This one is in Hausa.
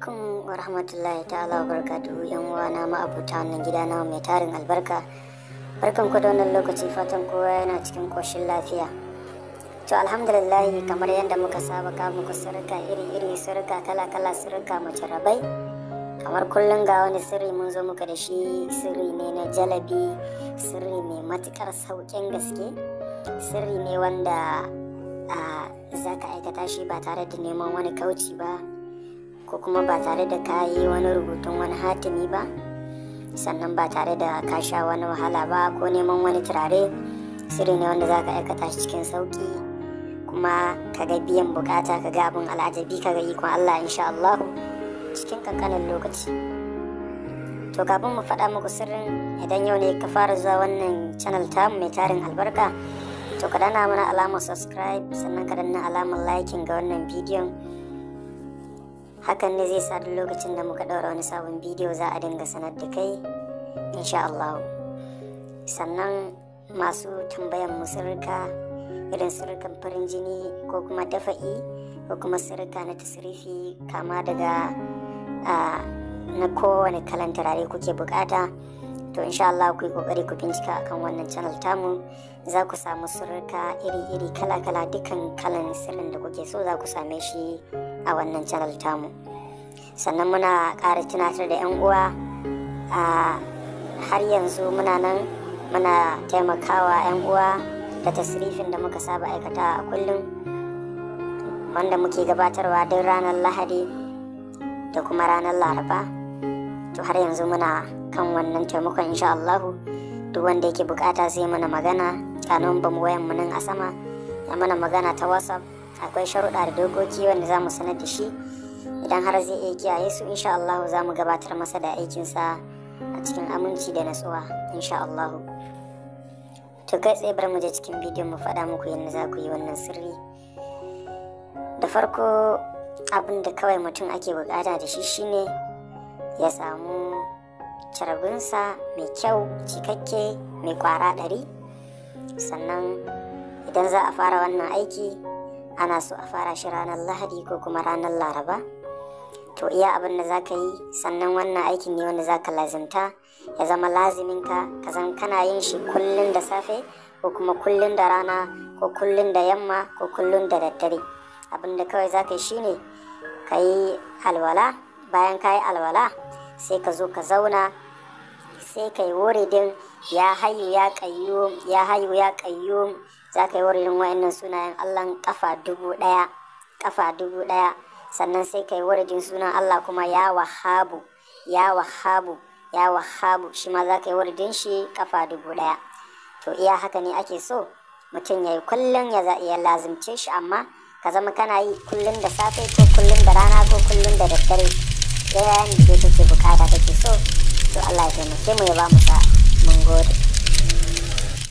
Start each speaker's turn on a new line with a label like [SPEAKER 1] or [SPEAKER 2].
[SPEAKER 1] alaikum wa rahmatullahi ta'ala wa barakatuhu yan uwana ma'abuta wannan gida na mai tarin albarka barkan ku da wannan lokaci fatan kowa yana cikin koshin lafiya to alhamdulillah kamar yadda muka saba ka muku sirka iri iri sirka kala kala sirka rabai kamar kullum ga wani sirri mun zo muka da shi sirri ne na jalabi sirri mai matukar saukin gaske sirri ne wanda ah, za ka aikata shi ba tare da neman wani kauci ba ko kuma ba tare da ka yi wani rubutun wani hatimi ba sannan ba tare da ka sha wani wahala ba ko neman wani turare sirri ne wanda za ka aikata shi cikin sauki kuma ka ga biyan bukata ka ga abin al'ajabi ka ga ikon Allah insha Allah cikin kankanin lokaci to kafin mu faɗa muku sirrin idan yau ne ka fara zuwa wannan channel tamu mai tarin albarka to ka dana mana alamar subscribe sannan ka danna alamar liking ga wannan bidiyon hakan ne zai sa duk lokacin da muka ɗaura wani sabon bidiyo za a dinga sanar da kai insha Allah sannan masu tambayan mu sirrika irin sirrikan farin jini ko kuma dafa'i ko kuma sirrika na tasirifi kama daga ah, na kowane kalan turare kuke bukata to insha Allah ku yi kokari ku bincika akan wannan channel tamu za ku samu sirrika iri-iri kala-kala dukkan kalan sirrin da kuke so za ku same shi a wannan channel tamu sannan muna ƙara tunatar da 'yan uwa a har yanzu muna nan muna taimakawa 'yan uwa da tasrifin da muka saba aikata a kullum wanda muke gabatarwa duk ranar lahadi da kuma ranar laraba to har yanzu muna kan wannan taimakon insha Allahu duk wanda yake bukata zai mana magana ga numban wayan mu nan a sama ya mana magana ta WhatsApp akwai sharuɗa da dokoki wanda za mu sanar da shi idan har zai iya kiyaye su insha Allahu za mu gabatar masa da aikin sa a cikin aminci da natsuwa insha Allahu to kai tsaye bar mu je cikin bidiyon mu faɗa muku yadda za ku yi wannan sirri da farko abin da kawai mutum ake bukata da shi shine ya samu carabinsa mai kyau cikakke mai kwara ɗari sannan idan za a fara wannan aiki ana so a fara shi ranar lahadi ko kuma ranar laraba to iya abin da za ka yi sannan wannan aikin ne wanda za ka lazimta ya zama laziminka ka zan kana yin shi kullum da safe ko kuma kullum da rana ko kullum da yamma ko kullum da daddare abin da kawai za ka yi shine ka yi alwala bayan ka yi alwala sai ka zo ka zauna sai ka yi wuridin ya hayu ya kayyum ya hayu ya za ka yi wuridin wa'annan sunayen allah kafa dubu daya kafa dubu daya sannan sai ka yi wuridin sunan allah kuma ya wahabu ya wahabu ya wahabu shi ma za ka yi wuridin shi kafa dubu daya to iya haka ne ake so mutum ya yi kullum ya iya lazimce shi amma ka zama kana yi kullum da safe ko kullum da rana ko kullum da daddare bayani da take bukata take so to Allah ya taimake mu ya ba mu sa mun gode